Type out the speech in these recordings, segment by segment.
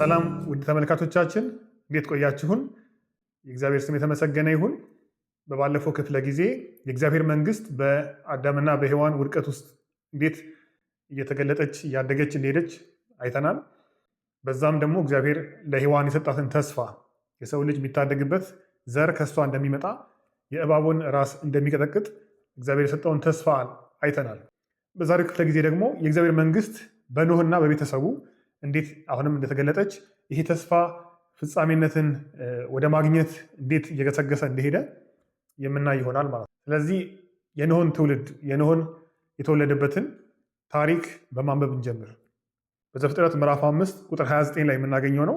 ሰላም ውድ ተመልካቾቻችን እንዴት ቆያችሁን? የእግዚአብሔር ስም የተመሰገነ ይሁን። በባለፈው ክፍለ ጊዜ የእግዚአብሔር መንግስት በአዳምና በሔዋን ውድቀት ውስጥ እንዴት እየተገለጠች እያደገች እንደሄደች አይተናል። በዛም ደግሞ እግዚአብሔር ለሔዋን የሰጣትን ተስፋ የሰው ልጅ የሚታደግበት ዘር ከእሷ እንደሚመጣ የእባቡን ራስ እንደሚቀጠቅጥ እግዚአብሔር የሰጠውን ተስፋ አይተናል። በዛሬው ክፍለ ጊዜ ደግሞ የእግዚአብሔር መንግስት በኖህና በቤተሰቡ እንዴት አሁንም እንደተገለጠች ይሄ ተስፋ ፍጻሜነትን ወደ ማግኘት እንዴት እየገሰገሰ እንደሄደ የምናይ ይሆናል ማለት ነው። ስለዚህ የኖህን ትውልድ የኖህን የተወለደበትን ታሪክ በማንበብ እንጀምር። በዘፍጥረት ምዕራፍ አምስት ቁጥር 29 ላይ የምናገኘው ነው።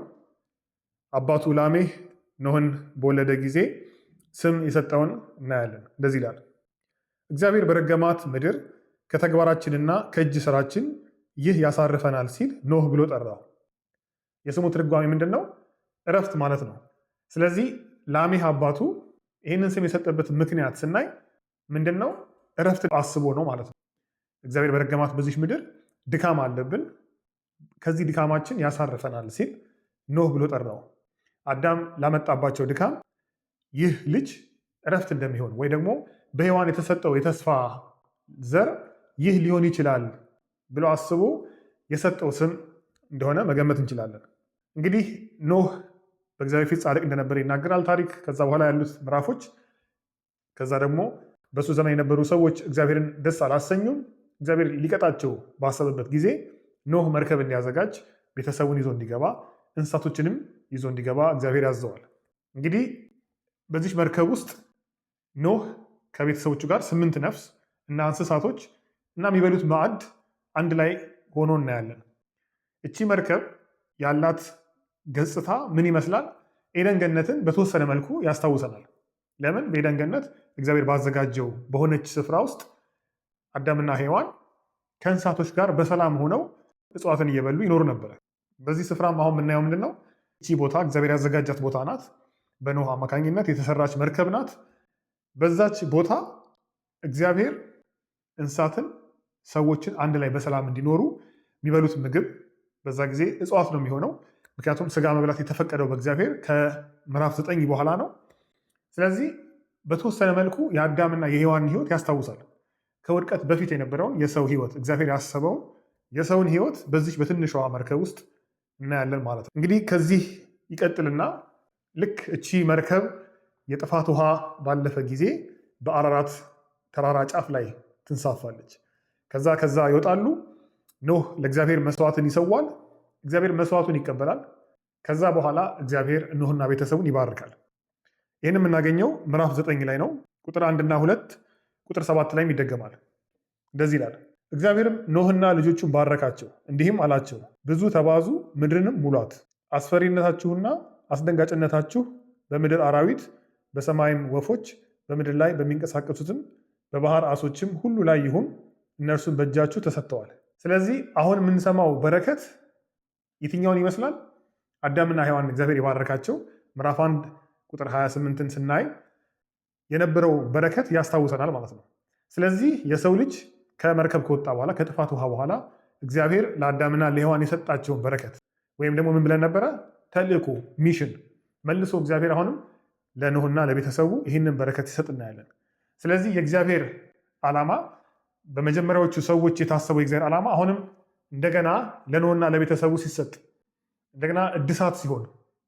አባቱ ላሜህ ኖህን በወለደ ጊዜ ስም የሰጠውን እናያለን። እንደዚህ ይላል፣ እግዚአብሔር በረገማት ምድር ከተግባራችንና ከእጅ ስራችን ይህ ያሳርፈናል ሲል ኖህ ብሎ ጠራው። የስሙ ትርጓሜ ምንድን ነው? እረፍት ማለት ነው። ስለዚህ ላሜህ አባቱ ይህንን ስም የሰጠበት ምክንያት ስናይ ምንድን ነው? እረፍት አስቦ ነው ማለት ነው። እግዚአብሔር በረገማት በዚች ምድር ድካም አለብን፣ ከዚህ ድካማችን ያሳርፈናል ሲል ኖህ ብሎ ጠራው። አዳም ላመጣባቸው ድካም ይህ ልጅ እረፍት እንደሚሆን ወይ ደግሞ በሔዋን የተሰጠው የተስፋ ዘር ይህ ሊሆን ይችላል ብሎ አስቦ የሰጠው ስም እንደሆነ መገመት እንችላለን። እንግዲህ ኖህ በእግዚአብሔር ፊት ጻድቅ እንደነበረ ይናገራል ታሪክ። ከዛ በኋላ ያሉት ምዕራፎች ከዛ ደግሞ በእሱ ዘመን የነበሩ ሰዎች እግዚአብሔርን ደስ አላሰኙም። እግዚአብሔር ሊቀጣቸው ባሰበበት ጊዜ ኖህ መርከብ እንዲያዘጋጅ ቤተሰቡን ይዞ እንዲገባ እንስሳቶችንም ይዞ እንዲገባ እግዚአብሔር ያዘዋል። እንግዲህ በዚች መርከብ ውስጥ ኖህ ከቤተሰቦቹ ጋር ስምንት ነፍስ እና እንስሳቶች እና የሚበሉት ማዕድ አንድ ላይ ሆኖ እናያለን። እቺ መርከብ ያላት ገጽታ ምን ይመስላል? ኤደን ገነትን በተወሰነ መልኩ ያስታውሰናል። ለምን? በኤደን ገነት እግዚአብሔር ባዘጋጀው በሆነች ስፍራ ውስጥ አዳምና ሔዋን ከእንስሳቶች ጋር በሰላም ሆነው እጽዋትን እየበሉ ይኖሩ ነበረ። በዚህ ስፍራም አሁን የምናየው ምንድን ነው? እቺ ቦታ እግዚአብሔር ያዘጋጃት ቦታ ናት። በኖህ አማካኝነት የተሰራች መርከብ ናት። በዛች ቦታ እግዚአብሔር እንስሳትን ሰዎችን አንድ ላይ በሰላም እንዲኖሩ የሚበሉት ምግብ በዛ ጊዜ እጽዋት ነው የሚሆነው። ምክንያቱም ስጋ መብላት የተፈቀደው በእግዚአብሔር ከምዕራፍ ዘጠኝ በኋላ ነው። ስለዚህ በተወሰነ መልኩ የአዳምና የሔዋንን ህይወት ያስታውሳል። ከውድቀት በፊት የነበረውን የሰው ህይወት እግዚአብሔር ያሰበውን የሰውን ህይወት በዚች በትንሿ መርከብ ውስጥ እናያለን ማለት ነው። እንግዲህ ከዚህ ይቀጥልና ልክ እቺ መርከብ የጥፋት ውሃ ባለፈ ጊዜ በአራራት ተራራ ጫፍ ላይ ትንሳፋለች። ከዛ ከዛ ይወጣሉ። ኖህ ለእግዚአብሔር መስዋዕትን ይሰዋል። እግዚአብሔር መስዋዕቱን ይቀበላል። ከዛ በኋላ እግዚአብሔር ኖህና ቤተሰቡን ይባርካል። ይህን የምናገኘው ምዕራፍ ዘጠኝ ላይ ነው። ቁጥር አንድና ሁለት ቁጥር ሰባት ላይም ይደገማል። እንደዚህ ይላል፣ እግዚአብሔርም ኖህና ልጆቹን ባረካቸው፣ እንዲህም አላቸው፣ ብዙ ተባዙ፣ ምድርንም ሙሏት። አስፈሪነታችሁና አስደንጋጭነታችሁ በምድር አራዊት፣ በሰማይም ወፎች፣ በምድር ላይ በሚንቀሳቀሱትም በባህር አሶችም ሁሉ ላይ ይሁን። እነርሱን በእጃችሁ ተሰጥተዋል። ስለዚህ አሁን የምንሰማው በረከት የትኛውን ይመስላል? አዳምና ሔዋን እግዚአብሔር የባረካቸው ምዕራፍ አንድ ቁጥር 28ን ስናይ የነበረው በረከት ያስታውሰናል ማለት ነው። ስለዚህ የሰው ልጅ ከመርከብ ከወጣ በኋላ ከጥፋት ውሃ በኋላ እግዚአብሔር ለአዳምና ለሔዋን የሰጣቸውን በረከት ወይም ደግሞ ምን ብለን ነበረ? ተልእኮ ሚሽን መልሶ እግዚአብሔር አሁንም ለኖህና ለቤተሰቡ ይህንን በረከት ይሰጥ እናያለን። ስለዚህ የእግዚአብሔር ዓላማ በመጀመሪያዎቹ ሰዎች የታሰበው የእግዚአብሔር ዓላማ አሁንም እንደገና ለኖና ለቤተሰቡ ሲሰጥ እንደገና እድሳት ሲሆን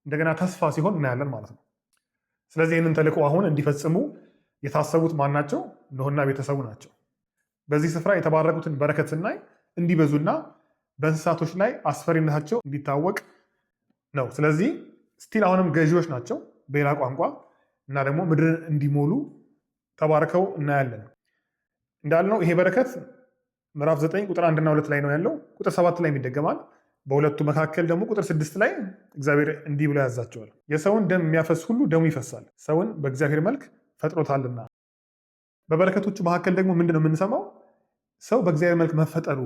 እንደገና ተስፋ ሲሆን እናያለን ማለት ነው። ስለዚህ ይህንን ተልዕኮ አሁን እንዲፈጽሙ የታሰቡት ማን ናቸው? ኖህና ቤተሰቡ ናቸው። በዚህ ስፍራ የተባረኩትን በረከት ስናይ እንዲበዙና በእንስሳቶች ላይ አስፈሪነታቸው እንዲታወቅ ነው። ስለዚህ ስቲል አሁንም ገዢዎች ናቸው በሌላ ቋንቋ እና ደግሞ ምድርን እንዲሞሉ ተባርከው እናያለን። እንዳልነው ይሄ በረከት ምዕራፍ 9 ቁጥር እና 2 ላይ ነው ያለው። ቁጥር ሰባት ላይ ይደገማል። በሁለቱ መካከል ደግሞ ቁጥር ስድስት ላይ እግዚአብሔር እንዲህ ብሎ ያዛቸዋል፣ የሰውን ደም የሚያፈስ ሁሉ ደሙ ይፈሳል፣ ሰውን በእግዚአብሔር መልክ ፈጥሮታልና። በበረከቶቹ መካከል ደግሞ ምንድን ነው የምንሰማው? ሰው በእግዚአብሔር መልክ መፈጠሩ።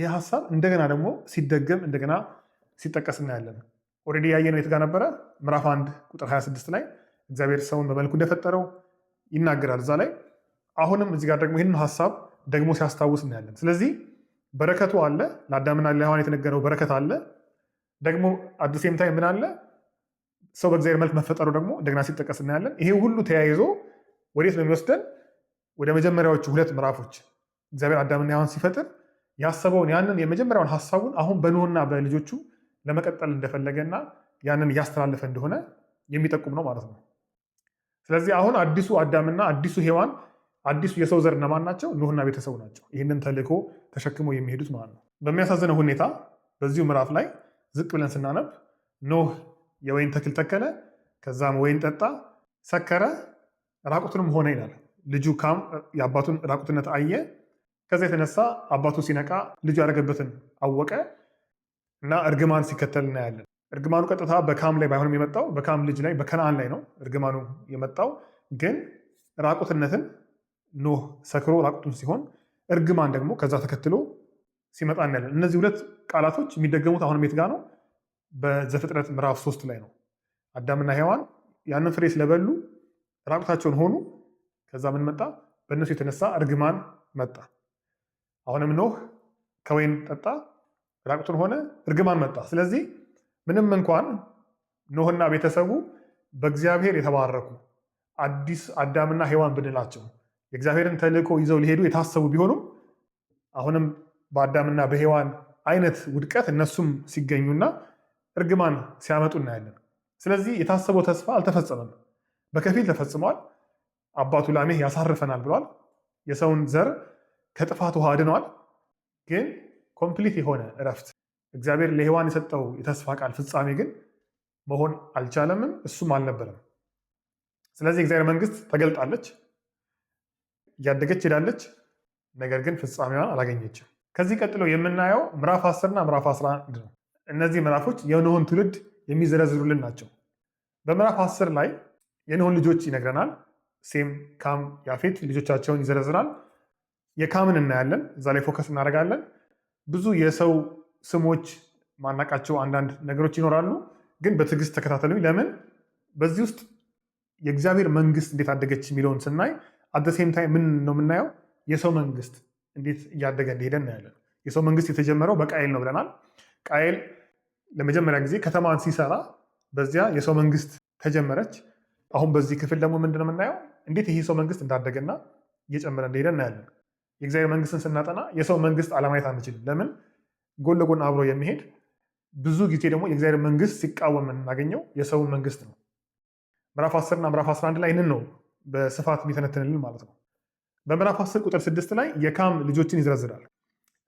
ይህ ሀሳብ እንደገና ደግሞ ሲደገም እንደገና ሲጠቀስ እናያለን። ኦልሬዲ ያየነው የት ጋ ነበረ? ምዕራፍ 1 ቁጥር 26 ላይ እግዚአብሔር ሰውን በመልኩ እንደፈጠረው ይናገራል። እዛ ላይ አሁንም እዚህ ጋር ደግሞ ይህንን ሀሳብ ደግሞ ሲያስታውስ እናያለን። ስለዚህ በረከቱ አለ፣ ለአዳምና ለሔዋን የተነገረው በረከት አለ። ደግሞ አዲስ የምታይ ምን አለ ሰው በእግዚአብሔር መልክ መፈጠሩ ደግሞ እንደገና ሲጠቀስ እናያለን። ይሄ ሁሉ ተያይዞ ወዴት ነው የሚወስደን? ወደ መጀመሪያዎቹ ሁለት ምዕራፎች እግዚአብሔር አዳምና ሔዋን ሲፈጥር ያሰበውን ያንን የመጀመሪያውን ሀሳቡን አሁን በኖህና በልጆቹ ለመቀጠል እንደፈለገና ያንን እያስተላለፈ እንደሆነ የሚጠቁም ነው ማለት ነው። ስለዚህ አሁን አዲሱ አዳምና አዲሱ ሔዋን አዲሱ የሰው ዘር እነማን ናቸው? ኑህና ቤተሰቡ ናቸው። ይህንን ተልእኮ ተሸክመው የሚሄዱት ማለት ነው። በሚያሳዝነው ሁኔታ በዚሁ ምዕራፍ ላይ ዝቅ ብለን ስናነብ ኖህ የወይን ተክል ተከለ፣ ከዛም ወይን ጠጣ፣ ሰከረ፣ ራቁትንም ሆነ ይላል። ልጁ ካም የአባቱን ራቁትነት አየ። ከዛ የተነሳ አባቱ ሲነቃ ልጁ ያደረገበትን አወቀ እና እርግማን ሲከተል እናያለን። እርግማኑ ቀጥታ በካም ላይ ባይሆንም የመጣው በካም ልጅ ላይ በከነአን ላይ ነው እርግማኑ የመጣው ግን ራቁትነትን ኖህ ሰክሮ ራቁቱን ሲሆን እርግማን ደግሞ ከዛ ተከትሎ ሲመጣ እናያለን። እነዚህ ሁለት ቃላቶች የሚደገሙት አሁን የት ጋር ነው? በዘፍጥረት ምዕራፍ ሶስት ላይ ነው። አዳምና ሔዋን ያንን ፍሬ ስለበሉ ራቁታቸውን ሆኑ። ከዛ ምን መጣ? በእነሱ የተነሳ እርግማን መጣ። አሁንም ኖህ ከወይን ጠጣ፣ ራቁቱን ሆነ፣ እርግማን መጣ። ስለዚህ ምንም እንኳን ኖህና ቤተሰቡ በእግዚአብሔር የተባረኩ አዲስ አዳምና ሔዋን ብንላቸው የእግዚአብሔርን ተልእኮ ይዘው ሊሄዱ የታሰቡ ቢሆኑም አሁንም በአዳምና በሔዋን አይነት ውድቀት እነሱም ሲገኙና እርግማን ሲያመጡ እናያለን። ስለዚህ የታሰበው ተስፋ አልተፈጸመም፣ በከፊል ተፈጽሟል። አባቱ ላሜህ ያሳርፈናል ብሏል። የሰውን ዘር ከጥፋት ውሃ አድኗል። ግን ኮምፕሊት የሆነ እረፍት እግዚአብሔር ለሔዋን የሰጠው የተስፋ ቃል ፍጻሜ ግን መሆን አልቻለምም፣ እሱም አልነበረም። ስለዚህ የእግዚአብሔር መንግስት ተገልጣለች። እያደገች ሄዳለች፣ ነገር ግን ፍጻሜዋን አላገኘችም። ከዚህ ቀጥሎ የምናየው ምዕራፍ 10 እና ምዕራፍ 11 ነው። እነዚህ ምዕራፎች የኖህን ትውልድ የሚዘረዝሩልን ናቸው። በምዕራፍ 10 ላይ የኖህን ልጆች ይነግረናል። ሴም፣ ካም፣ ያፌት ልጆቻቸውን ይዘረዝራል። የካምን እናያለን፣ እዛ ላይ ፎከስ እናደርጋለን። ብዙ የሰው ስሞች ማናቃቸው አንዳንድ ነገሮች ይኖራሉ፣ ግን በትዕግስት ተከታተሉኝ። ለምን በዚህ ውስጥ የእግዚአብሔር መንግስት እንዴት አደገች የሚለውን ስናይ አደሴም ታይም ምን ነው የምናየው? የሰው መንግስት እንዴት እያደገ እንደሄደ እናያለን። የሰው መንግስት የተጀመረው በቃኤል ነው ብለናል። ቃኤል ለመጀመሪያ ጊዜ ከተማን ሲሰራ በዚያ የሰው መንግስት ተጀመረች። አሁን በዚህ ክፍል ደግሞ ምንድን ነው የምናየው? እንዴት ይሄ ሰው መንግስት እንዳደገና እየጨመረ እንደሄደ እናያለን። የእግዚአብሔር መንግስትን ስናጠና የሰው መንግስት አለማየት አንችልም። ለምን? ጎን ለጎን አብሮ የሚሄድ ብዙ ጊዜ ደግሞ የእግዚአብሔር መንግስት ሲቃወም የምናገኘው የሰውን መንግስት ነው። ምዕራፍ 10 እና ምዕራፍ 11 ላይ ይህንን ነው በስፋት የሚተነትንልን ማለት ነው። በምዕራፍ 10 ቁጥር 6 ላይ የካም ልጆችን ይዘረዝራል።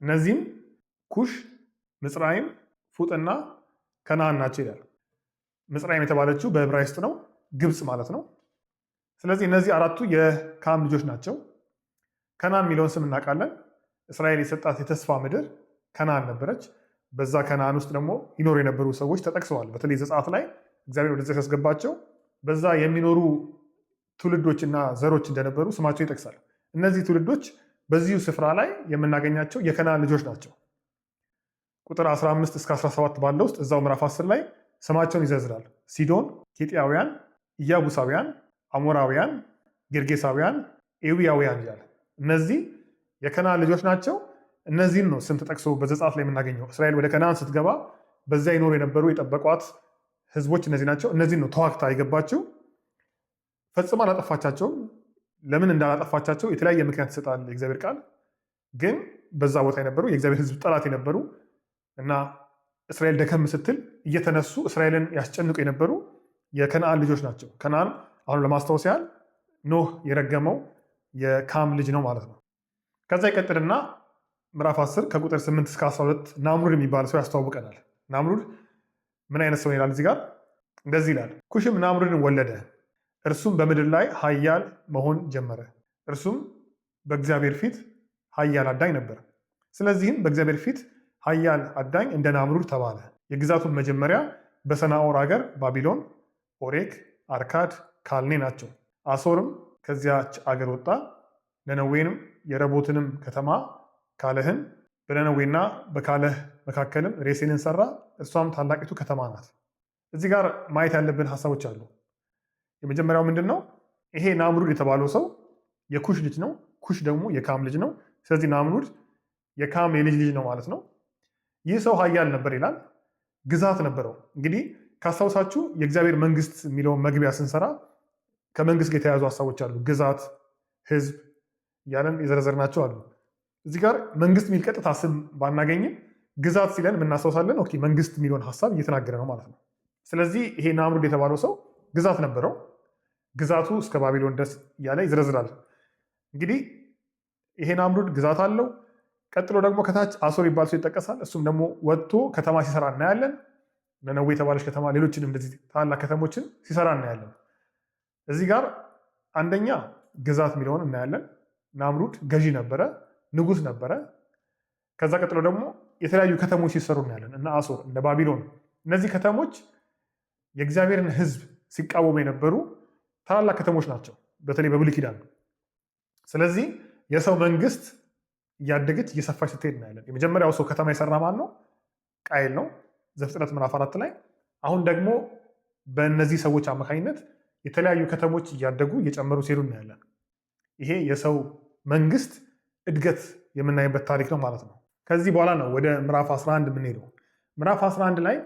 እነዚህም ኩሽ፣ ምጽራይም፣ ፉጥና ከነአን ናቸው ይላል። ምጽራይም የተባለችው በዕብራይስጥ ነው፣ ግብፅ ማለት ነው። ስለዚህ እነዚህ አራቱ የካም ልጆች ናቸው። ከናን የሚለውን ስም እናውቃለን። እስራኤል የሰጣት የተስፋ ምድር ከናን ነበረች። በዛ ከናን ውስጥ ደግሞ ይኖሩ የነበሩ ሰዎች ተጠቅሰዋል። በተለይ ዘጸአት ላይ እግዚአብሔር ወደዚያ ሲያስገባቸው በዛ የሚኖሩ ትውልዶችና ዘሮች እንደነበሩ ስማቸው ይጠቅሳል። እነዚህ ትውልዶች በዚሁ ስፍራ ላይ የምናገኛቸው የከናን ልጆች ናቸው። ቁጥር 15 እስከ 17 ባለው ውስጥ እዛው ምዕራፍ 10 ላይ ስማቸውን ይዘዝራል። ሲዶን፣ ኬጢያውያን፣ ኢያቡሳውያን፣ አሞራውያን፣ ጌርጌሳውያን፣ ኤዊያውያን ይላል። እነዚህ የከናን ልጆች ናቸው። እነዚህን ነው ስም ተጠቅሶ በዘጸአት ላይ የምናገኘው። እስራኤል ወደ ከናን ስትገባ በዚያ ይኖሩ የነበሩ የጠበቋት ህዝቦች እነዚህ ናቸው። እነዚህን ነው ተዋግታ የገባችው። ፈጽሞ አላጠፋቻቸውም። ለምን እንዳላጠፋቻቸው የተለያየ ምክንያት ይሰጣል የእግዚአብሔር ቃል። ግን በዛ ቦታ የነበሩ የእግዚአብሔር ሕዝብ ጠላት የነበሩ እና እስራኤል ደከም ስትል እየተነሱ እስራኤልን ያስጨንቁ የነበሩ የከነአን ልጆች ናቸው። ከነአን አሁን ለማስታወስ ያህል ኖህ የረገመው የካም ልጅ ነው ማለት ነው። ከዛ ይቀጥልና ምዕራፍ 10 ከቁጥር 8 እስከ 12 ናምሩድ የሚባል ሰው ያስተዋውቀናል። ናምሩድ ምን አይነት ሰው ይላል? እዚህ ጋር እንደዚህ ይላል፣ ኩሽም ናምሩድን ወለደ እርሱም በምድር ላይ ኃያል መሆን ጀመረ። እርሱም በእግዚአብሔር ፊት ኃያል አዳኝ ነበር። ስለዚህም በእግዚአብሔር ፊት ኃያል አዳኝ እንደ ናምሩድ ተባለ። የግዛቱን መጀመሪያ በሰናኦር አገር ባቢሎን፣ ኦሬክ፣ አርካድ፣ ካልኔ ናቸው። አሶርም ከዚያች አገር ወጣ። ነነዌንም የረቦትንም ከተማ ካለህን በነነዌና በካለህ መካከልም ሬሴንን ሰራ። እርሷም ታላቂቱ ከተማ ናት። እዚህ ጋር ማየት ያለብን ሀሳቦች አሉ። የመጀመሪያው ምንድን ነው? ይሄ ናምሩድ የተባለው ሰው የኩሽ ልጅ ነው። ኩሽ ደግሞ የካም ልጅ ነው። ስለዚህ ናምሩድ የካም የልጅ ልጅ ነው ማለት ነው። ይህ ሰው ሀያል ነበር ይላል። ግዛት ነበረው። እንግዲህ ካስታውሳችሁ የእግዚአብሔር መንግስት የሚለውን መግቢያ ስንሰራ ከመንግስት ጋር የተያያዙ ሀሳቦች አሉ። ግዛት፣ ህዝብ እያለን የዘረዘርናቸው አሉ። እዚህ ጋር መንግስት የሚል ቀጥታ ስም ባናገኝም ግዛት ሲለን የምናስታውሳለን። መንግስት የሚለውን ሀሳብ እየተናገረ ነው ማለት ነው። ስለዚህ ይሄ ናምሩድ የተባለው ሰው ግዛት ነበረው። ግዛቱ እስከ ባቢሎን ድረስ እያለ ይዝረዝራል። እንግዲህ ይሄን ናምሩድ ግዛት አለው። ቀጥሎ ደግሞ ከታች አሶር ይባል ሰው ይጠቀሳል። እሱም ደግሞ ወጥቶ ከተማ ሲሰራ እናያለን። ነነዌ የተባለች ከተማ፣ ሌሎችን እንደዚህ ታላላቅ ከተሞችን ሲሰራ እናያለን። እዚህ ጋር አንደኛ ግዛት የሚለውን እናያለን። ናምሩድ ገዢ ነበረ፣ ንጉስ ነበረ። ከዛ ቀጥሎ ደግሞ የተለያዩ ከተሞች ሲሰሩ እናያለን። እነ አሶር፣ እነ ባቢሎን፣ እነዚህ ከተሞች የእግዚአብሔርን ሕዝብ ሲቃወሙ የነበሩ ታላላቅ ከተሞች ናቸው፣ በተለይ በብሉይ ኪዳን። ስለዚህ የሰው መንግስት እያደገች እየሰፋች ስትሄድ እናያለን። የመጀመሪያው ሰው ከተማ የሰራ ማን ነው? ቃይል ነው፣ ዘፍጥረት ምዕራፍ አራት ላይ። አሁን ደግሞ በእነዚህ ሰዎች አማካኝነት የተለያዩ ከተሞች እያደጉ እየጨመሩ ሲሄዱ እናያለን። ይሄ የሰው መንግስት እድገት የምናይበት ታሪክ ነው ማለት ነው። ከዚህ በኋላ ነው ወደ ምዕራፍ 11 የምንሄደው። ምዕራፍ 11 ላይ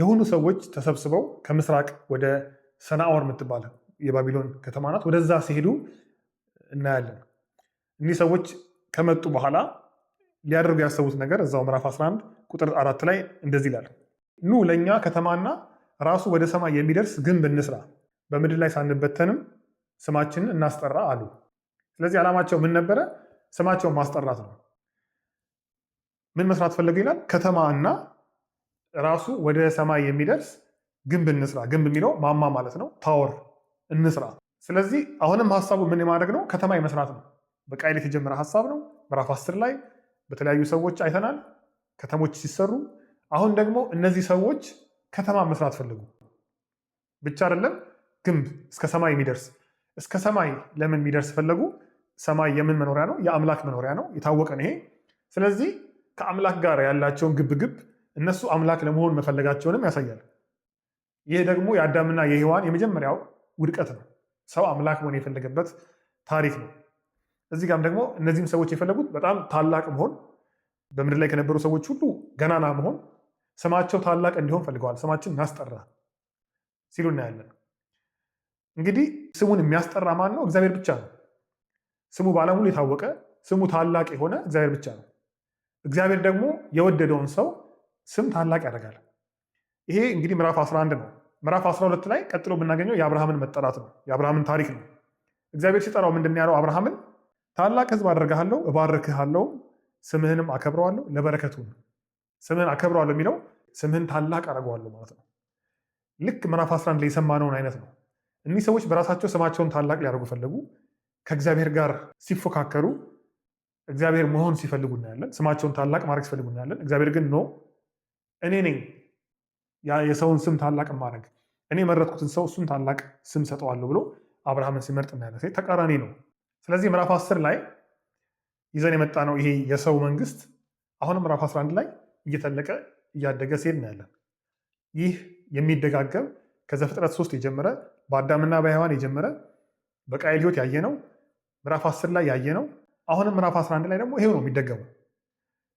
የሆኑ ሰዎች ተሰብስበው ከምስራቅ ወደ ሰናኦር የምትባለ የባቢሎን ከተማ ናት። ወደዛ ሲሄዱ እናያለን። እኒህ ሰዎች ከመጡ በኋላ ሊያደርጉ ያሰቡት ነገር እዛው ምዕራፍ 11 ቁጥር አራት ላይ እንደዚህ ይላል፣ ኑ ለእኛ ከተማና ራሱ ወደ ሰማይ የሚደርስ ግንብ እንስራ፣ በምድር ላይ ሳንበተንም ስማችንን እናስጠራ አሉ። ስለዚህ ዓላማቸው ምን ነበረ? ስማቸውን ማስጠራት ነው። ምን መስራት ፈለጉ ይላል? ከተማ እና ራሱ ወደ ሰማይ የሚደርስ ግንብ እንስራ። ግንብ የሚለው ማማ ማለት ነው፣ ታወር እንስራ። ስለዚህ አሁንም ሀሳቡ ምን የማድረግ ነው? ከተማ የመስራት ነው። በቃይል የተጀመረ ሀሳብ ነው። ምዕራፍ አስር ላይ በተለያዩ ሰዎች አይተናል ከተሞች ሲሰሩ። አሁን ደግሞ እነዚህ ሰዎች ከተማ መስራት ፈልጉ ብቻ አይደለም ግንብ እስከ ሰማይ የሚደርስ እስከ ሰማይ ለምን የሚደርስ ፈለጉ? ሰማይ የምን መኖሪያ ነው? የአምላክ መኖሪያ ነው። የታወቀ ነው ይሄ። ስለዚህ ከአምላክ ጋር ያላቸውን ግብግብ እነሱ አምላክ ለመሆን መፈለጋቸውንም ያሳያል። ይህ ደግሞ የአዳምና የሔዋን የመጀመሪያው ውድቀት ነው። ሰው አምላክ መሆን የፈለገበት ታሪክ ነው። እዚህ ጋም ደግሞ እነዚህም ሰዎች የፈለጉት በጣም ታላቅ መሆን፣ በምድር ላይ ከነበሩ ሰዎች ሁሉ ገናና መሆን፣ ስማቸው ታላቅ እንዲሆን ፈልገዋል። ስማችን እናስጠራ ሲሉ እናያለን። እንግዲህ ስሙን የሚያስጠራ ማን ነው? እግዚአብሔር ብቻ ነው። ስሙ በዓለም ሁሉ የታወቀ ስሙ ታላቅ የሆነ እግዚአብሔር ብቻ ነው። እግዚአብሔር ደግሞ የወደደውን ሰው ስም ታላቅ ያደርጋል። ይሄ እንግዲህ ምዕራፍ 11 ነው። ምዕራፍ 12 ላይ ቀጥሎ የምናገኘው የአብርሃምን መጠራት ነው። የአብርሃምን ታሪክ ነው። እግዚአብሔር ሲጠራው ምንድን ያለው? አብርሃምን ታላቅ ህዝብ አደርግሃለሁ፣ እባርክሃለሁ፣ ስምህንም አከብረዋለሁ። ለበረከቱ ስምህን አከብረዋለሁ የሚለው ስምህን ታላቅ አደርገዋለሁ ማለት ነው። ልክ ምዕራፍ 11 ላይ የሰማነውን አይነት ነው። እኒህ ሰዎች በራሳቸው ስማቸውን ታላቅ ሊያደርጉ ፈለጉ። ከእግዚአብሔር ጋር ሲፎካከሩ እግዚአብሔር መሆን ሲፈልጉ እናያለን። ስማቸውን ታላቅ ማድረግ ሲፈልጉ እናያለን። እግዚአብሔር ግን ኖ እኔ ነኝ የሰውን ስም ታላቅ ማድረግ እኔ የመረጥኩትን ሰው እሱን ታላቅ ስም ሰጠዋለሁ ብሎ አብርሃምን ሲመርጥ እናያለን። ተቃራኒ ነው። ስለዚህ ምዕራፍ አስር ላይ ይዘን የመጣ ነው ይሄ የሰው መንግስት አሁንም ምዕራፍ 11 ላይ እየተለቀ እያደገ ሲሄድ እናያለን። ይህ የሚደጋገም ከዘፍጥረት ሶስት የጀመረ በአዳምና በሔዋን የጀመረ በቃይል ህይወት ያየ ነው። ምዕራፍ 10 ላይ ያየ ነው። አሁንም ምዕራፍ 11 ላይ ደግሞ ይሄው ነው የሚደገመው።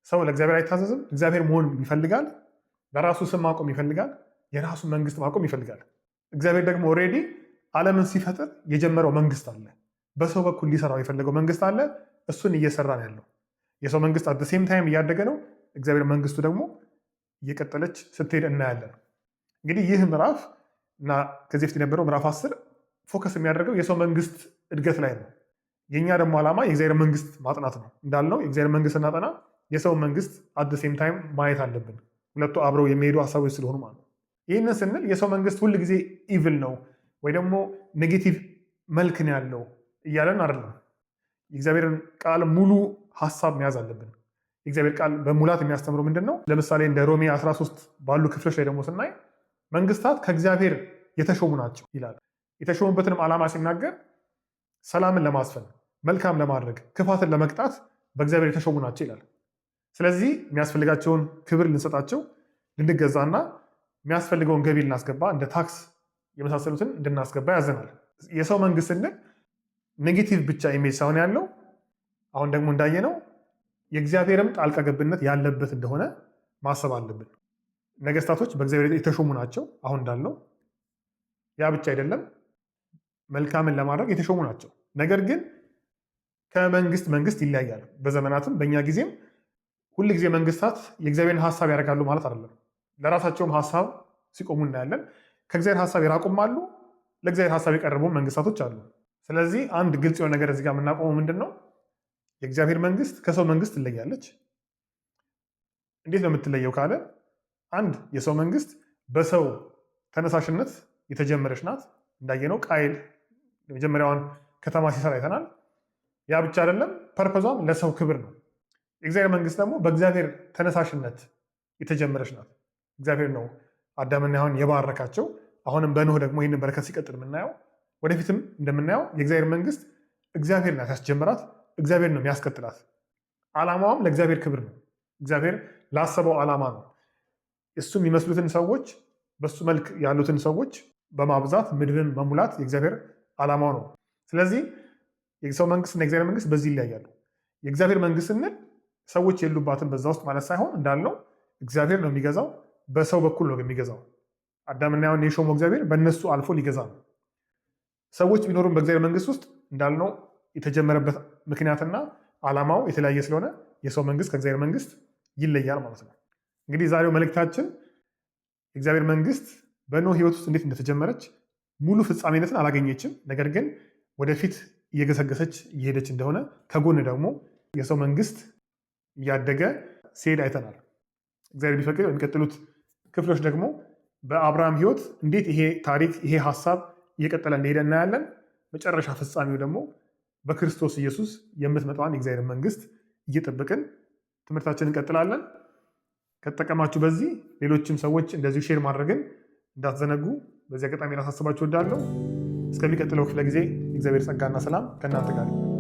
ሰው ለእግዚአብሔር አይታዘዝም፣ እግዚአብሔር መሆን ይፈልጋል። ለራሱ ስም ማቆም ይፈልጋል። የራሱ መንግስት ማቆም ይፈልጋል። እግዚአብሔር ደግሞ ኦልሬዲ ዓለምን ሲፈጥር የጀመረው መንግስት አለ። በሰው በኩል ሊሰራው የፈለገው መንግስት አለ። እሱን እየሰራ ነው ያለው። የሰው መንግስት አት ሴም ታይም እያደገ ነው። እግዚአብሔር መንግስቱ ደግሞ እየቀጠለች ስትሄድ እናያለን። እንግዲህ ይህ ምዕራፍ እና ከዚህ በፊት የነበረው ምዕራፍ አስር ፎከስ የሚያደርገው የሰው መንግስት እድገት ላይ ነው። የእኛ ደግሞ ዓላማ የእግዚአብሔር መንግስት ማጥናት ነው። እንዳልነው የእግዚአብሔር መንግስት እናጠና፣ የሰው መንግስት አት ሴም ታይም ማየት አለብን። ሁለቱ አብረው የሚሄዱ ሀሳቦች ስለሆኑ ማለት ነው። ይህንን ስንል የሰው መንግስት ሁል ጊዜ ኢቭል ነው ወይ ደግሞ ኔጌቲቭ መልክን ያለው እያለን አይደለም። የእግዚአብሔርን ቃል ሙሉ ሀሳብ መያዝ አለብን። የእግዚአብሔር ቃል በሙላት የሚያስተምረው ምንድን ነው? ለምሳሌ እንደ ሮሜ 13 ባሉ ክፍሎች ላይ ደግሞ ስናይ መንግስታት ከእግዚአብሔር የተሾሙ ናቸው ይላል። የተሾሙበትንም ዓላማ ሲናገር ሰላምን ለማስፈን፣ መልካም ለማድረግ፣ ክፋትን ለመቅጣት በእግዚአብሔር የተሾሙ ናቸው ይላል። ስለዚህ የሚያስፈልጋቸውን ክብር ልንሰጣቸው ልንገዛና የሚያስፈልገውን ገቢ ልናስገባ እንደ ታክስ የመሳሰሉትን እንድናስገባ ያዘናል። የሰው መንግስት ስንል ኔጌቲቭ ብቻ ኢሜጅ ሳይሆን ያለው አሁን ደግሞ እንዳየነው የእግዚአብሔርም ጣልቃ ገብነት ያለበት እንደሆነ ማሰብ አለብን። ነገስታቶች በእግዚአብሔር የተሾሙ ናቸው። አሁን እንዳለው ያ ብቻ አይደለም፣ መልካምን ለማድረግ የተሾሙ ናቸው። ነገር ግን ከመንግስት መንግስት ይለያያል። በዘመናትም በእኛ ጊዜም ጊዜ መንግስታት የእግዚአብሔርን ሀሳብ ያደርጋሉ ማለት አይደለም። ለራሳቸውም ሀሳብ ሲቆሙ እናያለን። ከእግዚአብሔር ሀሳብ የራቁም አሉ፣ ለእግዚአብሔር ሀሳብ የቀረቡ መንግስታቶች አሉ። ስለዚህ አንድ ግልጽ የሆነ ነገር እዚህ ጋር የምናቆመው ምንድን ነው? የእግዚአብሔር መንግስት ከሰው መንግስት ትለያለች። እንዴት ነው የምትለየው ካለ አንድ የሰው መንግስት በሰው ተነሳሽነት የተጀመረች ናት። እንዳየነው ቃይል የመጀመሪያዋን ከተማ ሲሰራ አይተናል። ያ ብቻ አይደለም፣ ፐርፐዟም ለሰው ክብር ነው። የእግዚአብሔር መንግስት ደግሞ በእግዚአብሔር ተነሳሽነት የተጀመረች ናት። እግዚአብሔር ነው አዳምና ሔዋንን የባረካቸው። አሁንም በኖህ ደግሞ ይህንን በረከት ሲቀጥል የምናየው ወደፊትም እንደምናየው የእግዚአብሔር መንግስት እግዚአብሔር ናት ያስጀምራት፣ እግዚአብሔር ነው የሚያስቀጥላት። ዓላማዋም ለእግዚአብሔር ክብር ነው። እግዚአብሔር ላሰበው ዓላማ ነው። እሱ የሚመስሉትን ሰዎች በሱ መልክ ያሉትን ሰዎች በማብዛት ምድርን መሙላት የእግዚአብሔር ዓላማው ነው። ስለዚህ የሰው መንግስትና የእግዚአብሔር መንግስት በዚህ ይለያያሉ። የእግዚአብሔር መንግስት ስንል ሰዎች የሉባትም በዛ ውስጥ ማለት ሳይሆን እንዳልነው እግዚአብሔር ነው የሚገዛው። በሰው በኩል ነው የሚገዛው። አዳምና ሔዋንን የሾመው እግዚአብሔር በእነሱ አልፎ ሊገዛ ነው። ሰዎች ቢኖሩም በእግዚአብሔር መንግስት ውስጥ እንዳልነው የተጀመረበት ምክንያትና ዓላማው የተለያየ ስለሆነ የሰው መንግስት ከእግዚአብሔር መንግስት ይለያል ማለት ነው። እንግዲህ ዛሬው መልእክታችን የእግዚአብሔር መንግስት በኖህ ህይወት ውስጥ እንዴት እንደተጀመረች ሙሉ ፍጻሜነትን አላገኘችም፣ ነገር ግን ወደፊት እየገሰገሰች እየሄደች እንደሆነ ከጎን ደግሞ የሰው መንግስት እያደገ ሲሄድ አይተናል። እግዚአብሔር ቢፈቅድ በሚቀጥሉት ክፍሎች ደግሞ በአብርሃም ህይወት እንዴት ይሄ ታሪክ ይሄ ሀሳብ እየቀጠለ እንደሄደ እናያለን። መጨረሻ ፍጻሜው ደግሞ በክርስቶስ ኢየሱስ የምትመጣዋን የእግዚአብሔር መንግስት እየጠበቅን ትምህርታችን እንቀጥላለን። ከተጠቀማችሁ በዚህ ሌሎችም ሰዎች እንደዚሁ ሼር ማድረግን እንዳትዘነጉ በዚህ አጋጣሚ ላሳስባችሁ እወዳለሁ። እስከሚቀጥለው ክፍለ ጊዜ እግዚአብሔር ጸጋና ሰላም ከእናንተ ጋር